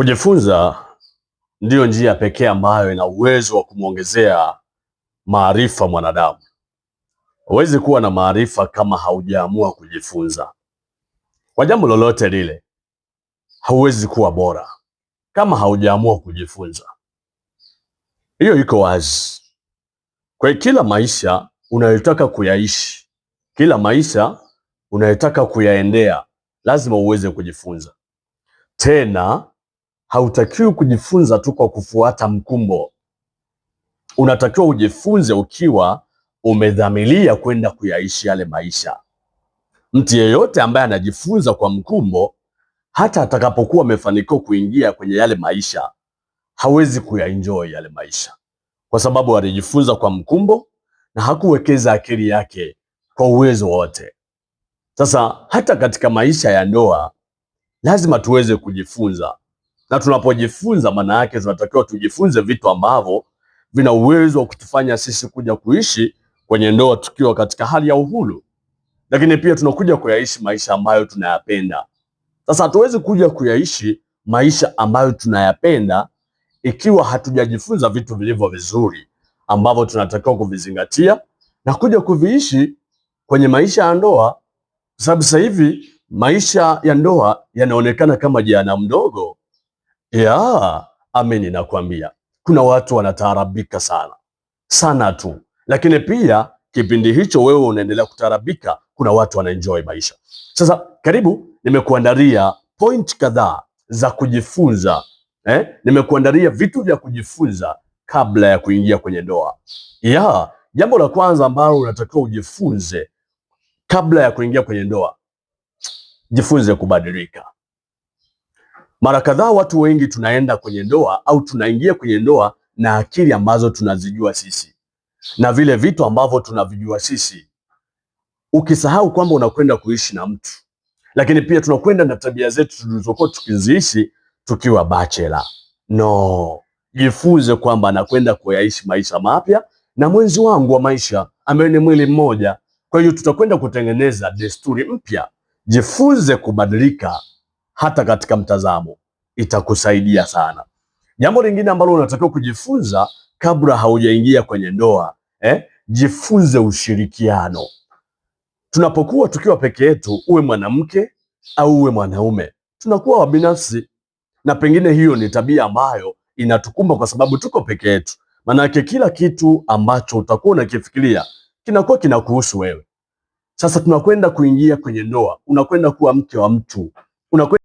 Kujifunza ndiyo njia pekee ambayo ina uwezo wa kumwongezea maarifa mwanadamu. Huwezi kuwa na maarifa kama haujaamua kujifunza. Kwa jambo lolote lile, hauwezi kuwa bora kama haujaamua kujifunza. Hiyo iko wazi. Kwa kila maisha unayotaka kuyaishi, kila maisha unayotaka kuyaendea, lazima uweze kujifunza tena hautakiwi kujifunza tu kwa kufuata mkumbo, unatakiwa ujifunze ukiwa umedhamilia kwenda kuyaishi yale maisha. Mtu yeyote ambaye anajifunza kwa mkumbo, hata atakapokuwa amefanikiwa kuingia kwenye yale maisha, hawezi kuyaenjoy yale maisha, kwa sababu alijifunza kwa mkumbo na hakuwekeza akili yake kwa uwezo wote. Sasa hata katika maisha ya ndoa lazima tuweze kujifunza na tunapojifunza, maana yake tunatakiwa tujifunze vitu ambavyo vina uwezo wa kutufanya sisi kuja kuishi kwenye ndoa tukiwa katika hali ya uhuru, lakini pia tunakuja kuyaishi maisha ambayo tunayapenda. Sasa hatuwezi kuja kuyaishi maisha ambayo tunayapenda ikiwa hatujajifunza vitu vilivyo vizuri ambavyo tunatakiwa kuvizingatia na kuja kuviishi kwenye maisha ya ndoa, kwa sababu sasa hivi maisha ya ndoa yanaonekana kama jana mdogo, ya amini, nakwambia kuna watu wanataarabika sana sana tu, lakini pia kipindi hicho wewe unaendelea kutarabika, kuna watu wanaenjoy maisha. Sasa karibu, nimekuandalia point kadhaa za kujifunza eh? Nimekuandalia vitu vya kujifunza kabla ya kuingia kwenye ndoa ya jambo la kwanza ambalo unatakiwa ujifunze kabla ya kuingia kwenye ndoa, jifunze kubadilika. Mara kadhaa watu wengi tunaenda kwenye ndoa au tunaingia kwenye ndoa na akili ambazo tunazijua sisi na vile vitu ambavyo tunavijua sisi, ukisahau kwamba unakwenda kuishi na mtu, lakini pia tunakwenda na tabia zetu tulizokuwa tukiziishi tukiwa bachela. No, jifunze kwamba nakwenda kuyaishi maisha mapya na mwenzi wangu wa maisha ambaye ni mwili mmoja. Kwa hiyo tutakwenda kutengeneza desturi mpya. Jifunze kubadilika hata katika mtazamo, itakusaidia sana. Jambo lingine ambalo unatakiwa kujifunza kabla haujaingia kwenye ndoa eh, jifunze ushirikiano. Tunapokuwa tukiwa peke yetu, uwe mwanamke au uwe mwanaume, tunakuwa wabinafsi, na pengine hiyo ni tabia ambayo inatukumba kwa sababu tuko peke yetu. Maanake kila kitu ambacho utakuwa unakifikiria kinakuwa kinakuhusu wewe. Sasa tunakwenda kuingia kwenye ndoa, unakwenda kuwa mke wa mtu, unakwenda